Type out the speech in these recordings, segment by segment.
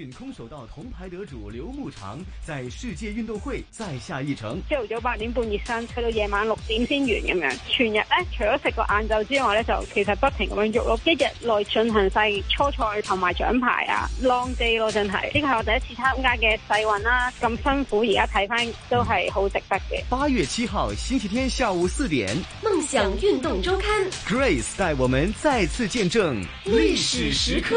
運空手道銅牌得主劉慕裳在世界運動會再下一城。朝早八點半熱身，去到夜晚六點先完咁樣，全日咧除咗食個晏晝之外咧，就其實不停咁樣喐咯。一日內進行晒初賽同埋獎牌啊，long day 咯，真係。呢個係我第一次參加嘅世運啦，咁辛苦而家睇翻都係好值得嘅。八月七號星期天下午四點，夢想運動週刊 Grace 帶我們再次見證歷史時刻。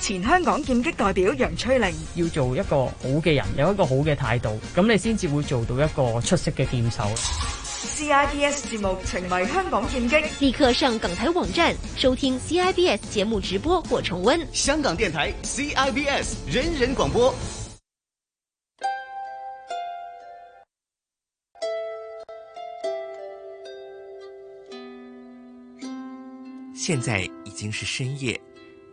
前香港劍擊代表楊翠玲，要做一個好嘅人，有一個好嘅態度，咁你先至會做到一個出色嘅劍手。CIBS 節目成為香港劍擊，立刻上港台網站收聽 CIBS 節目直播或重溫。香港電台 CIBS 人人廣播。現在已經是深夜。